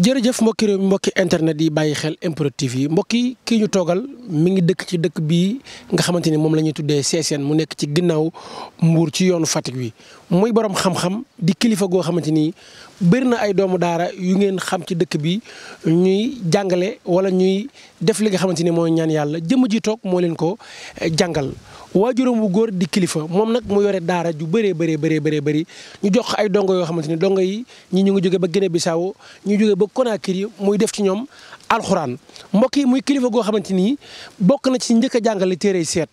jërëjëf mbokki réew mbokki internet yi bàyyi xel MPROD TV yi mbokki kii ñu toogal mi ngi dëkk ci dëkk bii nga xamante ni moom la ñuy tuddee Sessène mu nekk ci ginnaaw mbuur ci yoonu Fatick wi muy borom xam-xam di kilifa goo xamante ni bëri na ay doomu daara yu ngeen xam ci dëkk bi ñuy jàngale wala ñuy def li nga xamante ni mooy ñaan yàlla jëmm ji toog moo leen ko eh, jàngal waajuram bu góor di kilifa moom nag mu yore daara ju bëree bëree bëree bëree bëri ñu jox ay dongo yoo xamante ni dongo yi ñii ñu ngi jóge ba Guinée Bissau ñu jóge ba Conakry muy def ci ñoom alxuraan mbokk yi muy kilifa goo xamante ni bokk na ci njëkk jàngale téere seet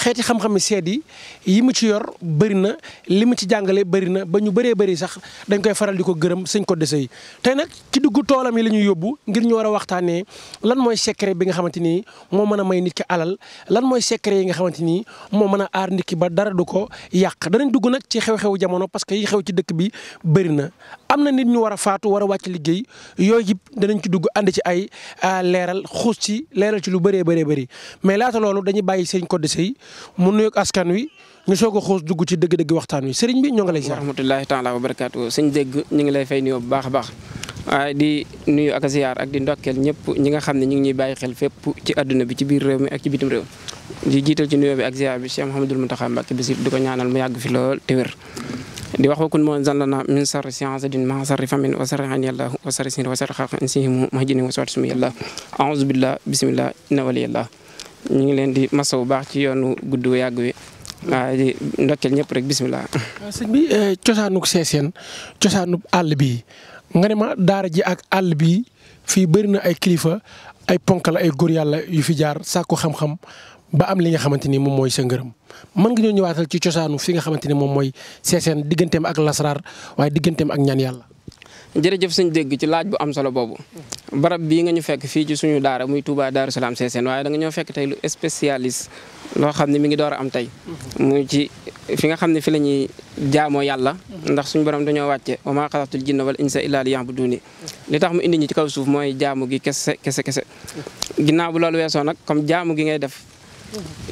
xeeti xam-xami seet yi yi mu ci yor bëri na li mu ci jàngale bëri na ba ñu bëree bëri sax dañ koy faral di ko gërëm sëñ ko dese yi. te nag ci dugg toolam yi la ñuy yóbbu ngir ñu war a waxtaanee lan mooy secret bi nga xamante ni moo mën a may nit ki alal lan mooy secret yi nga xamante ni moo mën a aar nit ki ba dara du ko yàq danañ dugg nag ci xew xew jamono parce que yi xew ci dëkk bi bëri na am na nit ñu war a faatu war wàcc liggéey yooyu yëpp danañ ci dugg ànd ci ay ah, leeral xuus ci leeral ci lu bëree bare bëri mais laata loolu dañuy bàyyi sëñ Codé Seye mu nuyoog askan wi ñu soog a xuus dugg ci dëgg-dëgg waxtaan wi sëriñ bi ñoo ngi lay. wa rahmatullahi taala wa barakaatu sëñ dégg ñu ngi lay fay nuyoo bu baax a baax. waaye ah, di nuyu ak ziar ak di ndokkeel ñëpp ñi nga xam ne ñu ngi ñuy bàyyi xel fépp ci àdduna bi ci biir réew mi ak ci bitim réew di jiital ci nuyoo bi ak ziar bi Cheikh Mouhamadul Mountakha Mbacké Bassir di ko ñaanal mu yàgg fi lool te wér di wax wakun moo zanlana min sarri siansadin ma sarri famin wa sarri an yàlla wa sarri sin wa sarri xaq insihimu mahjini wa suwat sumi yàlla aouzu billah bismillah inna wali yàlla ñu ngi leen di masa bu baax ci yoonu gudd yàgg wi waaw ndokkeel ñëpp rek bisimilah. sëñ bi eh, cosaanug Seeseen cosaanug àll bi nga ne ma daara ji ak àll bi fii bëri na ay kilifa ay ponkal ay góor yàlla yu fi jaar sàkku xam-xam ba am li nga xamante ni moom mooy sa ngërëm mën nga ñoo ñëwaatal ci cosaanu fi nga xamante ni moom mooy Sessène digganteem ak lasaraar waaye digganteem ak ñaan yàlla. jërëjëf suñ dégg ci laaj bu am solo boobu barab bii nga ñu fekk fii ci suñu daara muy Touba Darou Salaam Sessène waaye da ñoo fekk tey lu spécialiste loo xam ne mi ngi door am tey. muy ci fi nga xam ne fi la ñuy jaamoo yàlla. ndax suñ borom dañoo wàcce wa maa xalaqtul jinna wal insa illaa liya'buduuni li tax mu indi ñi ci kaw suuf mooy jaamu gi kese kese kese. ginnaaw bu loolu weesoo nag comme gi ngay def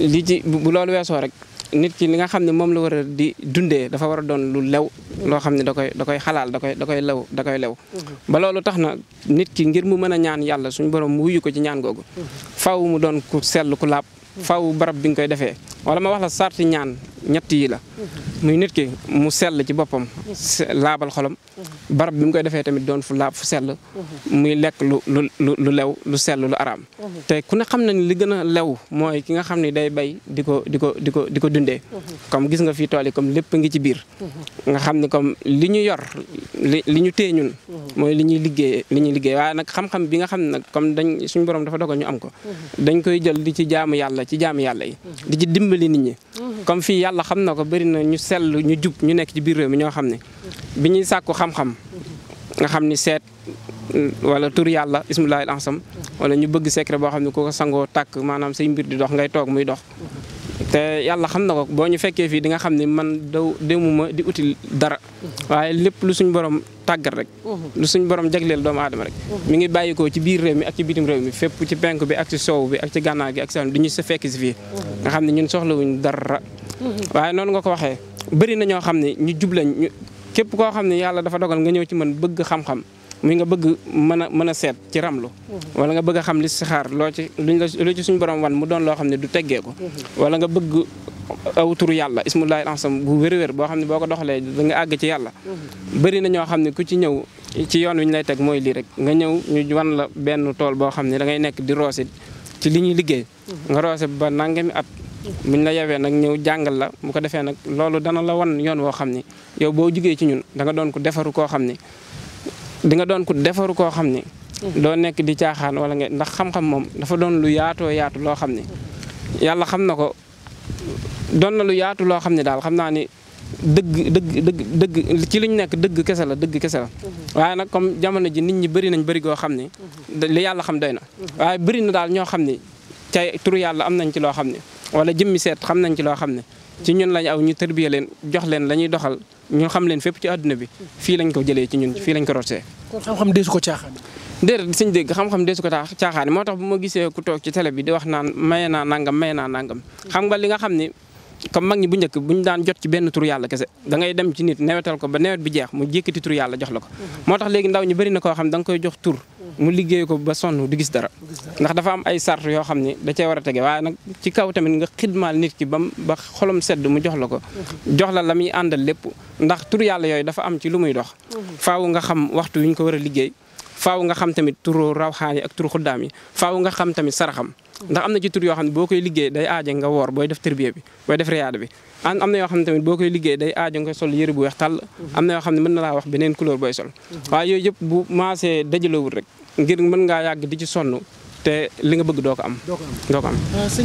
li ci bu loolu weesoo rek nit ki li nga xam ne moom la war a di dundee dafa war a doon lu lew loo xam ne da koy da koy xalaal da koy da koy lew da koy lew mhm. ba loolu tax na nit ki ngir mu mën a ñaan yàlla suñu borom mu wuyu ko ci ñaan googu mhm. faw mu doon ku sell ku laab mhm. faw barab bi nga koy defee wala ma wax la sarti ñaan ñett yi la muy nit ki mu sell ci boppam laabal xolam barab bi mu koy defee tamit doon fu laab fu sell muy lekk lu lu lu lew lu sell lu araam te ku ne xam na ni li gën a lew mooy ki nga xam ne day bay di ko di ko di ko di ko dundee comme gis nga fii tool yi comme lépp ngi ci biir nga xam ni comme li ñu yor li li ñu téye ñun mooy li ñuy liggéey li ñuy liggéey waaye nag xam-xam bi nga xam ne nag comme dañ suñ borom dafa dogal ñu am ko dañ koy jël di ci jaamu yàlla ci jaamu yàlla yi di ci dimbali yàlla xam na ko bëri na ñu sell ñu jub ñu nekk ci biir réew mi ñoo xam ne bi ñuy sàkku xam-xam nga xam ni seet wala tur yàlla ismulahi ansam wala ñu bëgg secret boo xam ne ku ko sangoo tàkk maanaam say mbir di dox ngay toog muy dox te yàlla xam na ko boo ñu fekkee fii di nga xam ne man daw demuma di uti dara waaye lépp lu suñ borom tàggat rek lu suñ borom jagleel doomu aadama rek mu ngi bàyyikoo ci biir réew mi ak ci bitim réew mi fépp ci penk bi ak ci soow bi ak ci gànnaar gi ak ci di ñu sa fekk si fii nga xam ne ñun soxlawuñ dara waaye noonu nga ko waxee bëri na ñoo xam ne ñu jub lañ ñu képp koo xam ne yàlla dafa dogal nga ñëw ci man bëgg xam-xam muy nga bëgg mën a mën seet ci ramlu wala nga bëgg a xam li sixaar loo ci luñ la lu ci borom wan mu doon loo xam ne du teggee ko wala nga bëgg aw turu yàlla ismullahi ansam bu wér-wér boo xam ne boo ko doxalee da nga àgg ci yàlla bëri na ñoo xam ne ku ci ñëw ci yoon wi ñu lay teg mooy lii rek nga ñëw ñu wan la benn tool boo xam ne da ngay nekk di roosi ci li ñuy liggéey nga roose ba nangami at buñ la yewee nag ñëw jàngal la bu ko defee nag loolu dana la wan yoon woo xam ni yow boo jugee ci ñun danga doon ko defaru koo xam ni di nga doon ko defaru koo xam ni mm-hmm. doo nekk di caaxaan wala ndax xam moom dafa doon lu yaatoo yaatu loo xam ni yàlla xam na ko doon na lu yaatu loo xam ne daal xam naa ni dëgg dëgg dëgg dëgg ci liñ nekk dëgg kese la dëgg kese la mm-hmm. waaye nag comme jamono xam ni mm-hmm. li xam doy na waaye bëri daal ñoo xam ni ca yàlla am nañ ci loo xam ni wala jëmmi seet xam nañ ci loo xam ne ci ñun lañ aw ñu tërbiya leen jox leen la ñuy doxal ñu xam leen fépp ci àdduna bi fii lañ ko jëlee ci ñun fii lañ ko rootee. kon xam ko caaxaan. déedéet suñ dégg xam-xam deesu ko caaxaan moo tax bu ma gisee ku toog ci télé bi di wax naa nangam maye naa nangam li nga xam ni comme mag ñi bu njëkk bu ñu daan jot ci benn tur yàlla kese da ngay dem ci nit newetal ba nawet jeex mu jékkati tur yàlla jox la ko moo tax léegi ndaw ñu bëri na koo xam da nga koy jox tur mu liggéey ko ba sonn du gis dara ndax dafa am ay sart yoo xam ne da cee war a tege waaye nag ci kaw tamit nga xidmaal nit ki ba ba xolom sedd mu jox la ko jox la la muy àndal lépp ndax tur yàlla yooyu dafa am ci lu muy dox faaw nga xam waxtu yu ko war a liggéey faaw nga xam tamit turu rawxaan yi ak turu xuddaam nga xam tamit saraxam ndax am na ci tur yoo xam ne boo koy liggéey day aaje nga woor booy def tërbiya bi booy def riyaada bi an am na yoo xam ne tamit boo koy liggéey day aaje nga sol yëre bu weex tàll am na yoo xam ne mën na laa wax beneen couleur booy sol waaye yooyu yëpp bu maasee dajalowul rek ngir mën ngaa yàgg di ci sonn te li nga bëgg doo ko am. doo ah,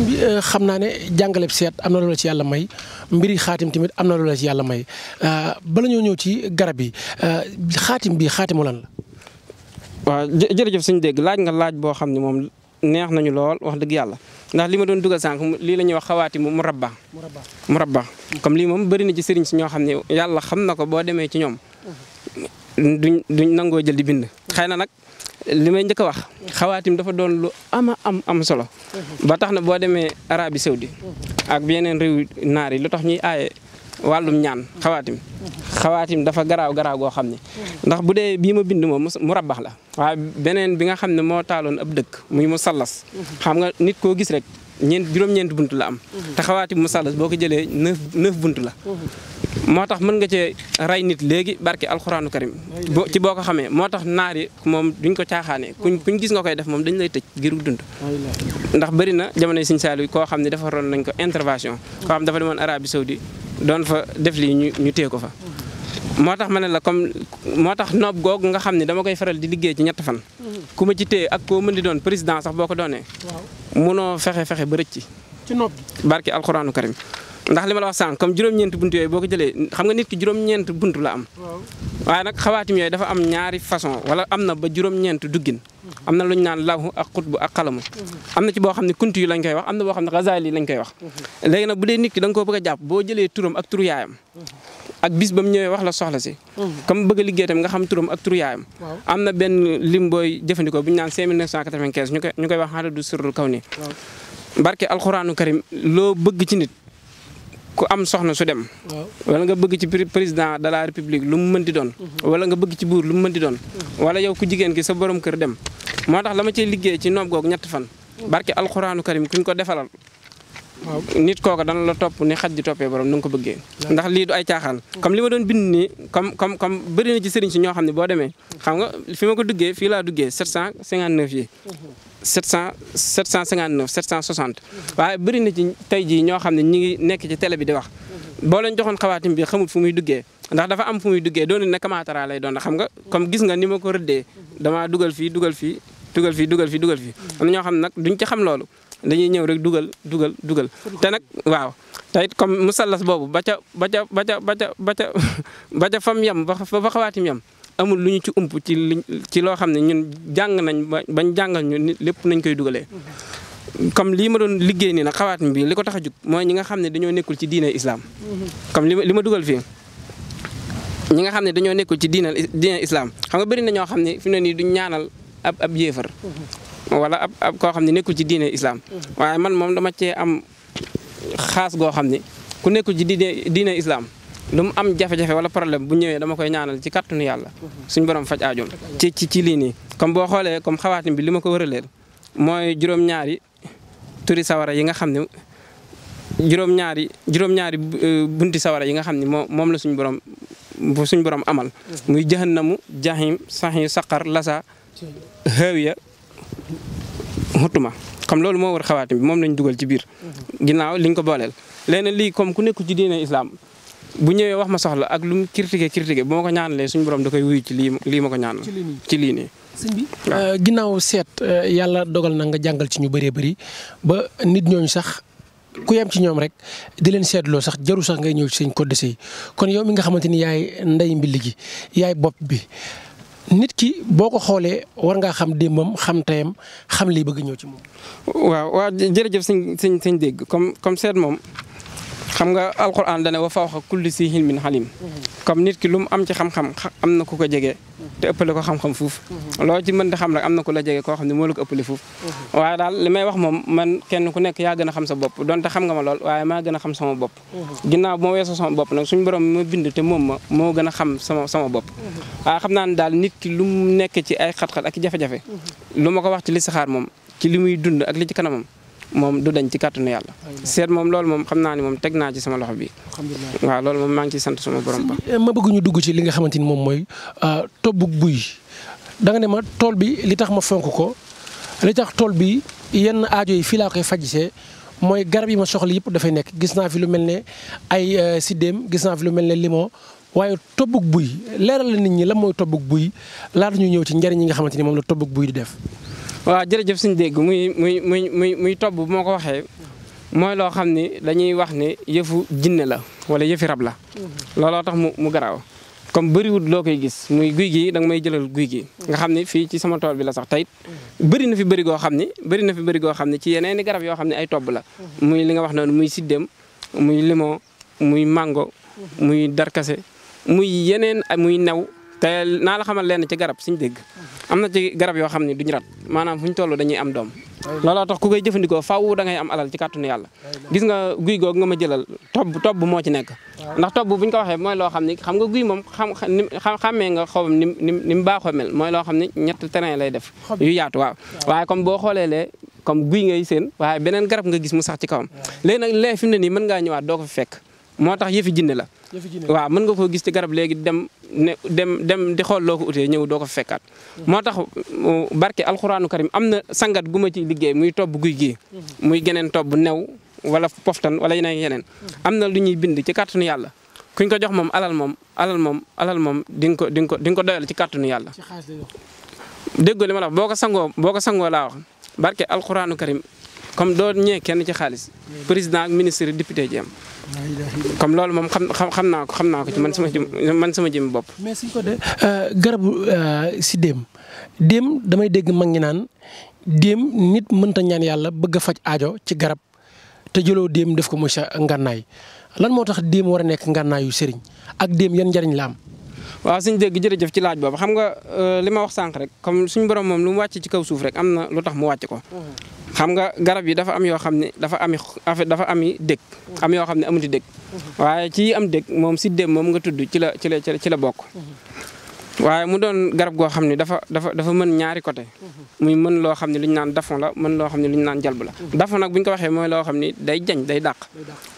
bi euh, xam naa ne jàngaleb seet am na loola ci yàlla may mbiri xaatim tamit am na loola ci yàlla ah, bala ñoo ñëw ci garab yi ah, xaatim bi xaatimu lan la. waaw jërëjëf suñu dégg laaj nga laaj boo xam ne moom neex nañu lool wax dëgg yàlla ndax li ma doon dugal sànq lii la ñuy wax xawaati mu murabba. murabba comme lii moom bari na ci sëriñ si ñoo xam ne yàlla xam na ko boo demee ci ñoom. duñ duñ nangoo jël di bind. xëy na nag li may njëkk a wax xawaatim dafa doon lu ama am am solo ba tax na boo demee Arabie Saoudi ak yeneen réew naar yi lu tax ñuy aaye wàllum ñaan xawaatim xawaatim dafa garaaw garaaw goo xam ne ndax bu dee bii ma bind moom mu rabax la waaye beneen bi nga xam ne moo taaloon ab dëkk muy mu sallas xam nga nit koo gis rek ñeent juróom ñeenti bunt la am. Mhm. te xawaati musalas boo ko jëlee neuf neuf bunt la. Mhm. moo tax mën nga cee rey nit léegi barke alxuraanu karim bo ci boo ko xamee moo tax naar yi moom duñ ko caaxaanee. Mhm. kuñ kuñ gis nga koy def moom dañu lay tëj ngir dund. ndax bëri na jamonoy Sëñ Saaliw koo xam ne dafa ron nañ ko intervention. koo xam dafa demoon Arabie Saoudi doon fa def lii ñu ñu téye ko fa. moo tax ma ne la comme moo tax noob googu nga xam ne dama koy faral di liggéey ci ñett fan. Mhm. ku ma ci ak koo mën di doon président sax boo ko doonee. munoo fexe fexe ba rëcc. ci noob gi barki alxuraanu karim. ndax li ma la wax sànq comme juróom-ñeent bunt boo ko jëlee xam nga nit juróom-ñeent bunt la am. waaye nag xawaatim yooyu dafa am ñaari façon wala am na ba juróom-ñeent duggin. Mhm. am na lu ñu naan lawhu ak xutbu ak xalamu. Mhm. am na ci boo xam ne kunti yu lañ koy wax am na boo xam ne xazaali lañ koy wax. léegi nag bu dee nit ki da a jàpp boo jëlee turam ak turu yaayam ak bis ba mu ñëwee wax la soxla si. Hmm. comme bëgg liggéey tamit nga xam turam ak turu am na benn lim booy jëfandikoo bu ñu naan 5995 ñu koy ñu koy wax xaaral du surul kaw nii. barke alxuraanu karim loo bëgg ci nit. ku am soxna su dem. wala nga bëgg ci président de la république lu mu mën di doon. Mm-hmm. wala nga bëgg ci buur lu mu mën di doon. Mm-hmm. wala yow ku jigéen ki sa borom kër dem. moo tax la ma ciy liggéey ci noob googu ñett fan. Mm-hmm. barke alxuraanu karim kuñ ko defalal nit kooka dana la topp ni xaj di toppee borom na nga ko bëggee ndax lii du ay caaxaan comme li ma doon bind nii comme comme comme bëri na ci sëriñ si ñoo xam ne boo demee xam nga fi ma ko duggee fii laa duggee 759 yi 700 759 760 waaye bëri na ci tey jii ñoo xam ne ñi ngi nekk ci tele bi di wax boo leen joxoon xawaatim bi xamul fu muy duggee ndax dafa am fu muy duggee doon na kamaatara lay doon xam nga comme gis nga ni ma ko rëddee damaa dugal fii dugal fii dugal fii dugal fi dugal fii am na ñoo xam ne nag duñ ci xam loolu dañuy ñëw rek dugal dugal dugal te nag waaw te it comme musallas boobu ba ca ba ca ba ca ba ca ba ca ba ca fam yem ba ba xawaatim yem amul lu ñu ci ump ci li ci loo xam ne ñun jàng nañ ba bañ jàngal ñu nit lépp nañ koy dugalee comme lii ma doon liggéey nii nag xawaatim bi li ko tax a jug mooy ñi nga xam ne dañoo nekkul ci diine islam comme li li ma dugal fii ñi nga xam ne dañoo nekkul ci diine diine islam xam nga bari na ñoo xam ne fi mu ne nii duñ ñaanal ab yéefar wala ab ab koo xam ne nekkul ci diine islam mm-hmm. waaye man moom dama cee am xaas goo xam ne ku nekkul ci diine diine islam lu mu am jafe-jafe wala problème bu ñëwee dama koy ñaanal ci kàttanu yàlla mm-hmm. suñ borom faj aajoom ci ci ci lii nii comme boo xoolee comme xawaatim bi li ma ko wëraleel mooy juróom-ñaari turi sawara yi nga xam ne juróom-ñaari juróom euh, bunti sawara yi nga xam ni moo moom la suñu borom suñu borom amal mm-hmm. muy jahannamu jahim saxi saqar lasa xëwiya xutuma comme loolu moo war xawaatim bi moom lañ dugal ci biir ginnaaw liñ ko booleel leneen lii comme ku nekku ci diine islam bu ñëwee wax ma soxla ak lu mu critiqué critiqué bu ma ko ñaanalee suñu borom da koy wuyu ci lii lii ma ko ñaanal ci lii nii sëñ euh, ginnaaw seet euh, yàlla dogal na nga jàngal ci ñu bëree bari ba nit ñooñu sax ku yem ci ñoom rek di leen seetloo sax jaru sax ngay ñëw ci seen code de sëy kon yow mi nga xamante ni yaay ndey mbill gi yaay bopp bi nit ki boo ko xoolee war nga xam démbam xam tayam xam li bëgg ñëw ci moom. waaw waaw jërëjëf sëñ sëñ sëñ dégg comme comme seet moom. xam nga alquran dane wa a kulli si hilmin xalim comme nit ki lu mu am ci xam-xam am na ku ko jege te ëppale ko xam-xam fuuf loo ci mën di xam rek am na ku la jege koo xam ne moo la ko ëppale fuuf waaye daal li may wax moom man kenn ku nekk yaa gën a xam sa bopp donte xam nga ma lool waaye maa gën a xam sama bopp ginnaaw moo weesoo sama bopp nag suñu borom moo gën a xam sama sama bopp waaye xam naa ne daal nit ki lu mu nekk ci ay xat-xat ak jafe-jafe lu ma ko wax ci listixaar moom ci li muy dund ak li ci kanamam moom du dañ ci kàttanu yàlla seet moom loolu moom xam naa ni moom teg naa ci sama loxo bi waaw loolu moom maa ngi ciy sant sama borom ba eh, ma bëgg ñu dugg ci li nga xamante ni moom mooy euh, tobb buy ne ma tool bi li tax ma fonk ko li tax tool bi yenn aajo yi fii koy fajisee mooy garab yi ma soxla yëpp dafay nekk gis naa fi lu mel ne ay euh, siddéem gis naa fi lu mel ne limon waaye tobbug buy leeral la nit ñi lan mooy tobbug buy laata ñu ñëw ci njariñ yi nga xamante ni moom la tobbug buy di def waaw jërëjëf suñ dégg muy muy muy muy muy tobb bu ma ko waxee mooy loo xam ni dañuy wax ne yëfu jinne la wala yëfi rab la mhm. looloo tax mu mu garaaw comme bëriwul loo koy gis muy guy gii da nga may jëlal guy gi nga xam ne fii ci sama tool bi la sax tayit mhm. bëri na fi bëri goo xam ne bëri na fi bëri goo xam ne ci yeneen i garab yoo xam ne ay tobb la mhm. muy li nga wax noonu muy siddéem muy limon muy mango muy darkase muy yeneen muy new te naa la xamal lenn ci garab suñ dégg am na ci garab yoo xam ne duñu rat maanaam fu ñu toll dañuy am doom looloo tax ku koy jëfandikoo faaw da ngay am alal ci kàttanu yàlla gis nga guy googu nga ma jëlal tobb tobb nekk ndax tobb bu ñu ko waxee mooy loo xam ne xam nga guy moom xam xam xàmmee nga xobam ni ni ni mu baaxoo mel mooy loo xam ne ñett terrain lay def yu yaatu waaw waaye comme boo xoolee lee comme guy ngay seen waaye beneen garab nga gis mu sax ci kawam léegi nag ne nii moo tax yëfi jinne la waaw mën nga koo gis ci garab léegi dem dem dem di xool loo ko utee ñëw doo ko fekkaat hmm. moo tax barke alxuraanu karim am na sangat gu ma ci liggéey muy tobb guy gi hmm. muy geneen tobb new wala poftan wala yeneen yeneen hmm. am na lu ñuy bind ci kàttanu yàlla kuñ ko jox moom alal moom alal moom alal moom di nga ko di nga ko di nga ko doyal ci kàttanu yàlla déggoo li ma la wax boo ko sangoo boo ko sangoo laa wax barke alxuraanu karim comme doo ñëwee kenn ci xaalis président ak ministre yi député ji comme loolu moom xam xam naa ko xam naa ci man sama jëm man sama jëm bopp. mais suñ ko de garabu euh, si déem déem damay dégg mag ñi naan déem nit mënta ñaan yàlla bëgg a faj aajo ci garab te jëloo déem def ko mu sa ngànnaay lan moo tax déem war a nekk ngànnaayu sëriñ ak déem yan njariñ la am. waaw suñ dégg jëf ci laaj boobu xam nga euh, li ma wax sànq rek comme suñu borom moom lu mu wàcc ci kaw suuf rek am na lu tax mu wàcce ko. Mm-hmm. xam nga garab yi dafa am yoo xam ne dafa ami dafa ami dëkk am yoo xam ne amuti dëkk waaye ci am dëkk moom siddéem moom nga tudd ci la ci la ci la bokk waaye mu doon garab goo xam ne dafa dafa dafa mën ñaari côté muy mën loo xam ne lu ñu naan dafon la mën loo xam ne lu ñu naan jalb la dafon nag bu ñu ko waxee mooy loo xam ne day jañ day dàq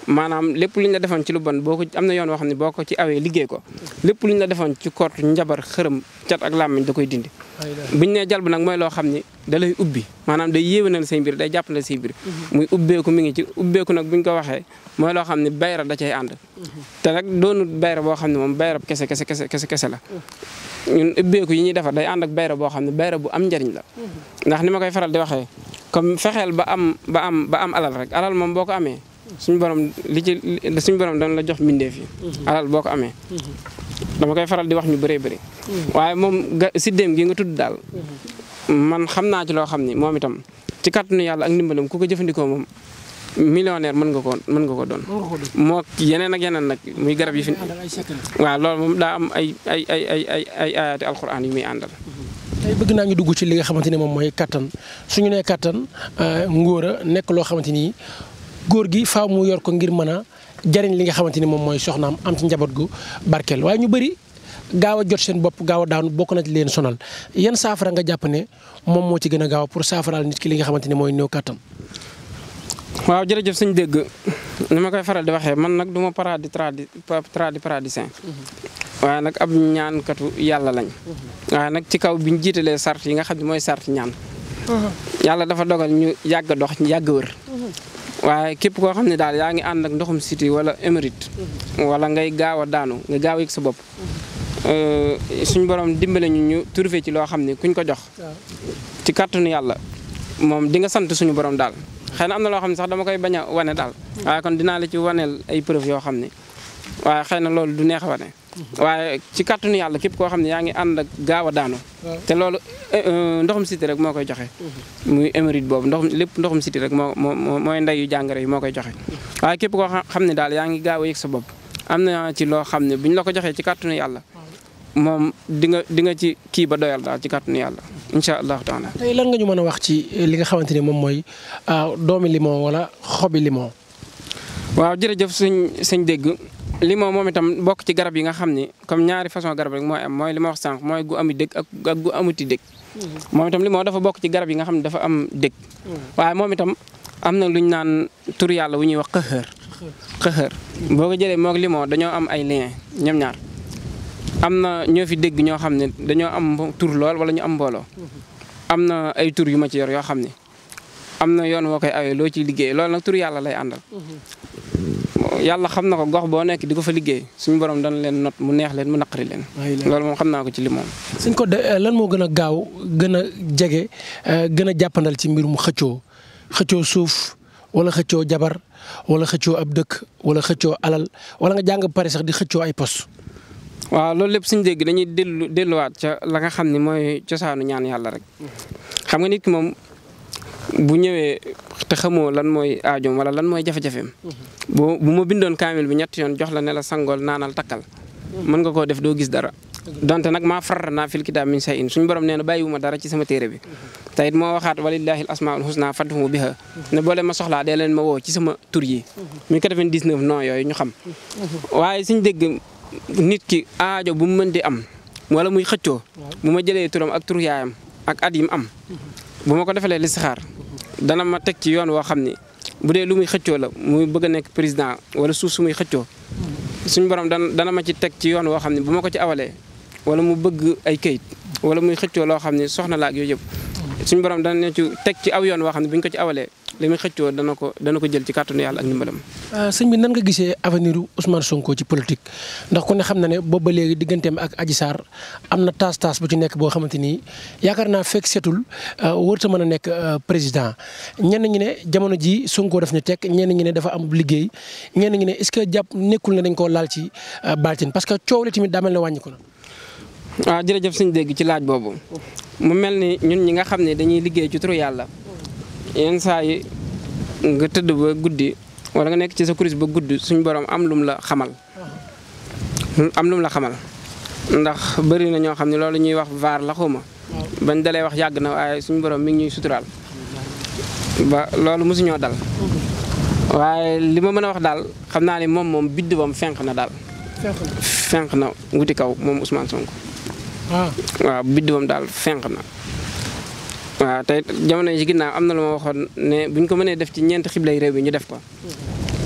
maanaam lépp lu ñu la defoon ci lu bon boo ko am na yoon woo xam ne boo ko ci awee liggéey ko lépp lu ñu la defoon ci kort njabar xërëm cat ak làmmiñ da koy dindi ñu nee jalb nag mooy loo xam ni da lay ubbi maanaam day yéwénal say mbir day jàppale say mbir mhm. muy ubbeeku mi ngi ci ubbeeku nag ñu ko waxee mooy loo xam ni bayra da cay ànd mhm. te nag doonul bayra boo xam ne moom bayrab kese kese kese kese kese la ñun yi ñuy defar day ànd ak bayra boo xam ne bayra bu am njariñ la mhm. ndax ni ma koy faral di waxee comme fexeel ba am ba am ba am alal rek alal moom boo ko amee suñu borom li ci suñu borom dañ la jox mbindeef yi alal boo ko amee dama koy faral di wax ñu bëree bëri. waaye moom ga siddéem gi nga tudd daal. man xam naa ci loo xam ni moom itam ci kàttanu yàlla ak ndimbalam ku ko jëfandikoo moom. millionnaire mën nga ko mën nga ko doon moo yeneen ak yeneen nag muy garab yi fi waaw loolu moom daa am ay ay ay ay ay ay ayaati muy àndal tey bëgg naa ñu dugg ci li nga xamante ni moom mooy kattan suñu ne kattan euh, ngóor a nekk loo xamante ni góor gi faaw mu yor ko ngir mën a jariñ li nga xamante ni moom mooy soxnaam am ci njaboot gu barkeel waaye ñu bari gaaw a jot seen bopp gaaw a daanu bokk nañ ci leen sonal yan saafara nga jàpp ne moom moo ci gën a gaaw pour saafaraal nit li nga xamante ni mooy néew kàttan. waaw jërëjëf suñu dégg ni ma koy faral di waxee man nag du ma paradis tradi tradi paradisien waaye nag ab ñaankatu yàlla lañ. Mm-hmm. waaye nag ci kaw bi ñu jiitalee sart yi nga xam ne mooy sart ñaan. yàlla dafa dogal ñu yàgg dox ñu yàgg wër. waaye képp koo xam ne daal yaa ngi ànd ak ndoxum siti wala émérite. wala ngay gaaw a daanu nga gaaw a sa bopp. Euh, suñu borom dimbale ñu ñu ci loo xam ne kuñ ko jox. ci kàttanu yàlla moom di nga sant suñu borom daal. xëy na am na loo xam ne sax dama koy bañ a wane daal. waaye kon dinaa la ci waneel ay preuve yoo xam ni waaye xëy na loolu du neex a wane. waaye ci kàttanu yàlla képp koo xam ne yaa ngi ànd ak gaaw a daanu te loolu eh, eh, ndoxum siti rek moo koy joxe mhm. muy émérite boobu ndoxum lépp ndoxum siti rek moo moo mooy ndeyu jàngare yi moo koy joxe mhm. waaye képp koo xam ne daal yaa ngi gaaw a yëg sa bopp am na ci loo xam ne bu ñu la ko joxee ci kàttanu yàlla moom di nga di nga ci kii ba doyal daal ci kàttanu yàlla incha allahu taala tey lan nga ñu mën a wax ci eh, li nga xamante ni moom mooy ah, doomi limon wala xobi limon waaw jërëjëf limon moom itam bokk ci garab yi nga xam ni comme ñaari façon garab rek mooy am mooy li ma wax sànq mooy gu ami dëkk ak ak amuti dëkk. Mm-hmm. moom itam limon dafa bokk ci garab yi nga xam ne dafa am dëkk. Mm-hmm. waaye moom itam am na lu ñu naan tur yàlla wu ñuy wax boo ko moog limon dañoo am ay lien ñoom ñaar am na ñoo fi dégg ñoo xam ne dañoo am tur lool wala ñu am mbooloo. Mm-hmm. am na ay tur yu ma ci yor yoo xam ne am na yoon woo koy awee loo ci liggéey loolu nag tur yàlla lay àndal. yàlla xam na ko gox boo nekk di ko fa liggéey suñu borom dana leen not mu neex leen mu naqari leen. loolu moom xam naa ko ci li moom. suñ ko de euh, lan moo gën a gaaw gën a jege euh, gën a jàppandal ci mbirum xëccoo xëccoo suuf wala xëccoo jabar wala xëccoo ab dëkk wala xëccoo alal wala nga jàng pare sax di xëccoo ay pos. waaw loolu lépp suñu dégg dañuy dellu delluwaat ca la nga xam ni mooy cosaanu ñaan yàlla rek mm-hmm. xam nga nit ki moom bu ñëwee te xamoo lan mooy aajoom wala lan mooy jafe-jafeem. Mm-hmm. bu bu ma bindoon kaamil bi ñetti yoon jox la ne la sangool naanal takkal. Mm-hmm. mën nga koo def doo gis dara. Mm-hmm. donte nag maa faral naa fil kitaab min say in suñu borom nee na bàyyiwuma dara ci sama téere bi. te it moo waxaat walillahi asmaul husna fad'uhu biha ne boole ma soxlaa dee leen ma woo ci sama tur yi. 1999 non yooyu ñu xam. waaye suñ dégg nit ki aajo bu mu mën di am wala muy xëccoo. bu ma jëlee turam ak tur yaayam ak at yim am. bu ma ko defalee listixaar dana ma teg ci yoon woo xam ni bu dee lu muy xëccoo la muy bëgg a nekk président wala suuf su muy xëccoo suñu borom dana dana ma ci teg ci yoon woo xam ne bu ma ko ci awalee wala mu bëgg ay kayit wala muy xëccoo loo xam ne soxna laaj ak yooyu yëpp suñu borom dana ci teg ci aw yoon woo xam ne bu ñu ko ci awalee li muy xëccoo dana ko dana ko jël ci kàttanu yàlla ak ndimbalam. Euh, sëñ bi nan nga gisee avenir Ousmane Sonko ci politique ndax ku ne xam na ne boobu ba léegi digganteem ak Adji am na taas taas bu ci nekk boo xamante ni yaakaar naa fekk setul euh, wër ta mën a nekk euh, président ñenn ñi ne jamono ji sunkoo def ñu teg ñenn ñi ne dafa am liggéey ñenn ñi ne est-ce que jàpp nekkul ne dañ koo laal ci baatin parce que coow li tamit daa mel ne wàññi ko na. waaw ah, jërëjëf sëñ dégg ci laaj boobu mu mel ni ñun ñi nga xam ne dañuy liggéey ci turu yàlla yenn saa yi nga tëdd ba guddi wala nga nekk ci sa kuris ba gudd suñu borom am lum la xamal am lum la xamal ndax bari na ñoo xam ne loolu ñuy wax vaar la xuma bañ dalee wax yàgg na waaye suñu borom mi ngi ñuy suturaal ba loolu mosuñoo dal waaye li ma mën a wax daal xam naa ne moom moom bidd bam fenq na daal fenq na wuti kaw moom Ousmane Sonko Ah. waaw biddiwam daal fenq na waaw te jamono yi ci ginnaaw am na lu ma waxoon ne buñ ko mënee def ci ñeenti xiblay réew bi ñu def ko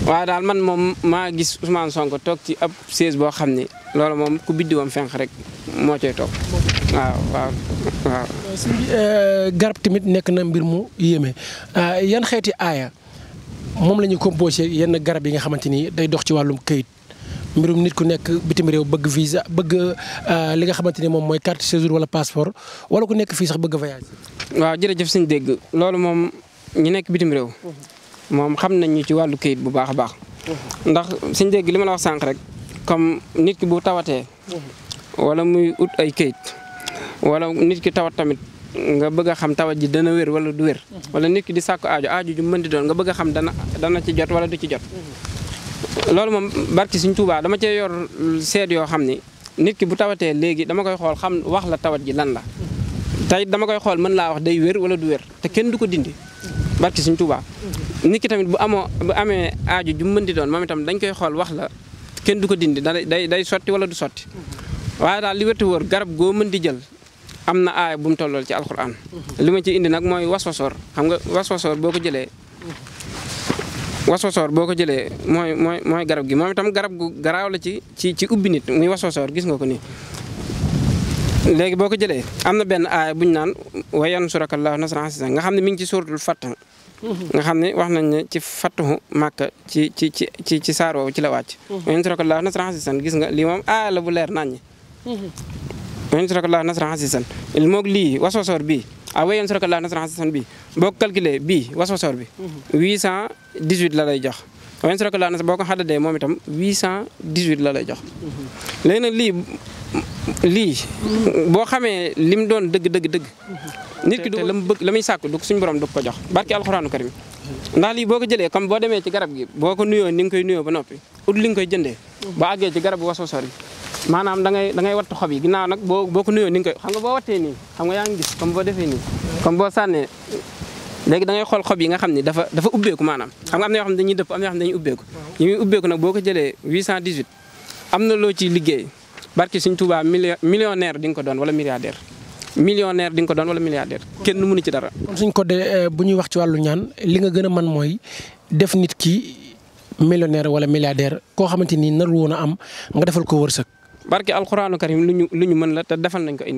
waaye daal man moom maa gis Ousmane sonk toog ci ab siège boo xam ni loolu moom ku biddiwam fenq rek moo cay toog waaw waaw waaw euh, garab tamit nekk na mbir mu yéeme ah, yan xeeti aaya moom la ñu composé yenn garab yi nga xamante ni day dox ci wàllum këyit mbirum nit ku nekk bitim réew bëgg visa bëgg euh, li nga xamante ni moom mooy carte séjour wala passeport wala ku nekk fii sax bëgg voyage. waaw jëf suñu dégg loolu moom ñu nekk bitim réew. moom xam nañ ñu ci wàllu këyit bu baax a baax. ndax suñu dégg li ma la wax sànq rek comme nit ki bu tawatee. wala muy ut ay këyit wala nit ki tawat tamit. nga bëgg a xam tawat ji dana wér wala du wér. wala nit ki di sàkku ajo ajo ju mën di doon nga bëgg a xam dana dana ci jot wala du ci jot. loolu moom barki suñ Tuubaa dama cee yor seet yoo xam ni nit ki bu tawatee léegi dama koy xool xam wax la tawat ji lan la tey dama koy xool mën laa wax day wér wala du wér te kenn du ko dindi barki suñ Tuubaa nit ki tamit bu amoo bu amee aaju ju mën di doon moom itam dañ koy xool wax la kenn du ko dindi day day sotti wala du sotti waaye daal li wérti wóor garab goo mën di jël am na aaya bu mu tollool ci alxuraan li ma ci indi nag mooy waswasoor xam nga waswasoor boo ko jëlee waswasoor boo ko jëlee mooy mooy mooy garab gi moom itam garab gu garaaw la ci ci ci ubbi nit muy waswasoor gis nga ko nii. léegi boo ko jëlee am na benn aaya bu ñu naan wa yansuraka llaahu nasran aziizan nga xam ne mi ngi ci suuratul Fath. Mm-hmm. nga xam ne wax nañ ne ci Fathu Màkka ci ci ci ci ci saar ci la wàcc. Mm-hmm. wa yansuraka llaahu nasran aziizan gis nga lii moom aaya la bu leer naññi. Mm-hmm. wa yansuraka llaahu nasran aziizan moog lii waswasoor bii. ah wéyoon sur la nasran hasan bi boo ko calculé bii waswasoor bi. cent 818 la lay jox. waaye sur la nas boo ko xaddadee moom itam 818 la lay jox. léegi nag lii lii. boo xamee lim doon dëgg dëgg dëgg. nit ki du la mu bëgg la muy sàkk du suñu borom du ko jox barki alxuraanu karim ndax lii boo ko jëlee comme boo demee ci garab gi boo ko nuyoo ni nga koy nuyoo ba noppi ut li nga koy jëndee. ba àggee ci garab waswasoor bi. maanaam da ngay da ngay wattu xob yi ginnaaw nag boo boo ko nuyoo ni nga koy xam nga boo wattee nii xam nga yaa ngi gis comme boo defee nii comme boo sànnee léegi da ngay xool xob yi nga xam ne dafa dafa ubbeeku maanaam xam am na yoo xam ne dañuy dëpp am na yoo xam ne dañuy ubbeeku yi muy am na loo ciy liggéey barki suñ Tuubaa millionnaire di nga ko doon wala milliardaire millionnaire di nga ko doon wala milliardaire kenn mënu ci dara. kon suñ ko dee euh, bu ñuy wax ci wàllu ñaan li nga gën a mën mooy def nit ki millionnaire wala milliardaire koo xamante ni narul woon a am nga defal ko wërsëg. barke alxuraanu karim lu ñu ñu mën la te defal nañ ko ay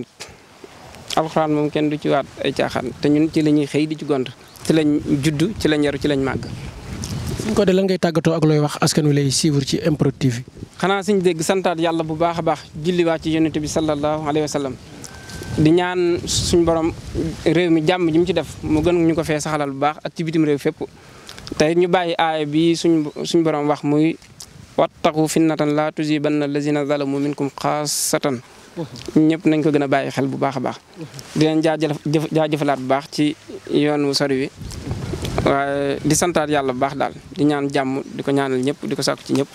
alxuraan moom kenn du ci waat ay caaxaan te ñun ci la ñuy xëy di ci gont ci lañ judd ci lañ yaru ci lañ màgg. suñ ko de lan ngay tàggatoo ak looy wax askan wi lay suivre ci MPROD TV. xanaa suñ dégg santaat yàlla bu baax a baax julliwaat ci yonent bi sallallahu alayhi wa sallam di ñaan suñu borom réew mi jàmm ji mu ci def mu gën ñu ko fee saxalal bu baax ak ci bitim réew fépp. te ñu bàyyi aaya bi suñ suñu borom wax muy wattaqu fitnatan laa tusibanna allazina zalamu minkum xaasatan ñëpp nañ ko gën a bàyyi xel bu baax a baax di leen jaajëfalaat bu baax ci yoon wu sori wi di santaat yàlla bu baax daal di ñaan jàmm di ko ñaanal ñëpp di ko sàkku ci ñëpp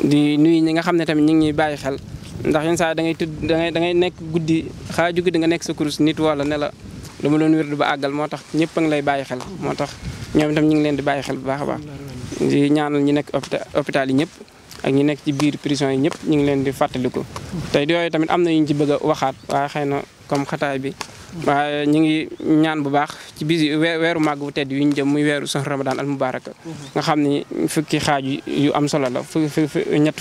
di nuy ñi nga xam ne tamit ñu ngi ñuy bàyyi xel ndax yenn saa yi da ngay tudd da da ngay nekk guddi xaaju guddi nga nekk sa kurus nit wala nela la dama doon wér du ba àggal moo tax ñëpp a lay bàyyi xel moo tax ñoom itam ñu ngi leen di bàyyi xel bu baax a baax di ñaanal ñi nekk hôpital yi ñëpp ak ñu nekk ci biir prison yi ñëpp ñu ngi leen di fàttaliku. tey yooyu tamit am na ñu ci bëgg a waxaat waaye xëy na comme xataay bi. waaye ñu ngi ñaan bu baax ci bis weeru màgg bu tedd yu ñu jëm muy weeru sax ramadan al mubaraka nga xam ni fukki xaaj yu am solo la fu ñett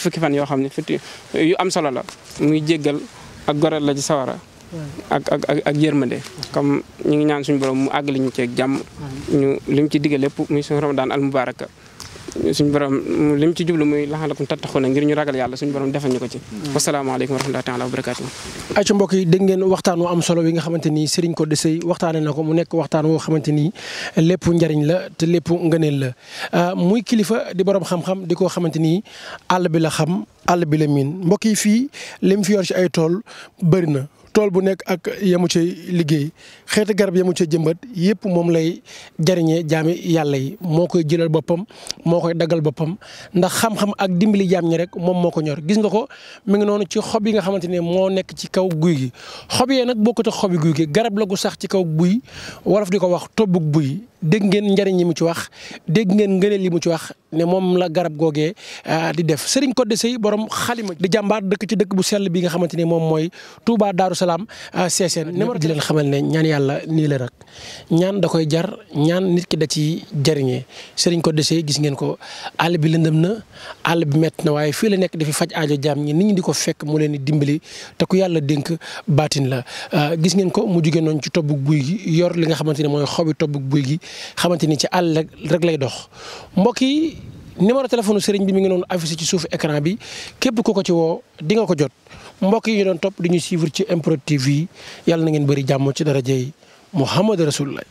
fukki fan yoo xam ne fukki yu am solo la muy jéggal ak goreel la ci sawara ak ak ak ak yërmande comme ñu ngi ñaan suñu borom mu àggali ñu ceeg jàmm ñu li mu ci digal lépp muy sax ramadan al mubaraka suñu borom li mu ci jublu muy laxalakum tattaxuna ngir ñu ragal yàlla suñu borom defal ñu ko ci hmm. wasalaamaaleykum wa rahmatullahi taala wa barakaatu ay ci mbokk yi dégg ngeen waxtaan wu am solo wi nga xamante ni Serigne Codé Seye waxtaane na ko mu nekk waxtaan woo xamante ni lépp njariñ la te lépp ngëneel la ah, muy kilifa di borom xam-xam di ko xamante ni àll bi la xam àll bi la miin mbokk yi fii li mu fi yor ci ay tool bëri na tool bu nekk ak yemu ci liggéey xeeti garab yemu ci jëmbat yëpp moom lay jariñee jaami yàlla yi moo koy jëlal boppam moo koy daggal boppam ndax xam-xam ak dimbali jaam ñi rek moom moo ko ñor gis nga ko mi ngi noonu ci xob yi nga xamante ne moo nekk ci kaw guy gi xob yee nag bokkut ak xobi guy garab la gu sax ci kaw buy wolof di ko wax tobbug buy dégg ngeen njariñ yi mu ci wax dégg ngeen ngëneel yi mu ci wax ne moom la garab googee ah, di def sëriñ Codé Seye borom xalima di jàmbaar dëkk ci dëkk bu sell bi nga xamante ne moom mooy Touba Darou salaam CSN. Ah, numéro di leen xamal ne ñaan yàlla nii la rek ñaan da koy jar ñaan nit ki da ci jëriñee sëriñ ko desee gis ngeen ko àll bi lëndëm na àll bi mett na waaye fii la nekk dafi faj aajo jaam ñi nit ñi di ko fekk mu leen di dimbali te ku yàlla dénk baatin la. Ah, gis ngeen ko mu jigéen noonu ci tobbu guy gi yor li nga xamante ne mooy xobi tobbu guy gi xamante ni ci àll rek lay dox mbokk yi numéro téléphone sëriñ bi mu ngi noonu affiché ci suufu écran bi képp ku ko ci woo di nga ko jot. mbokk yi ñu doon topp di ñu suivre ci MPROD TV yi yàlla na ngeen bëri jàmm ci darajay Muhammad Rasulullah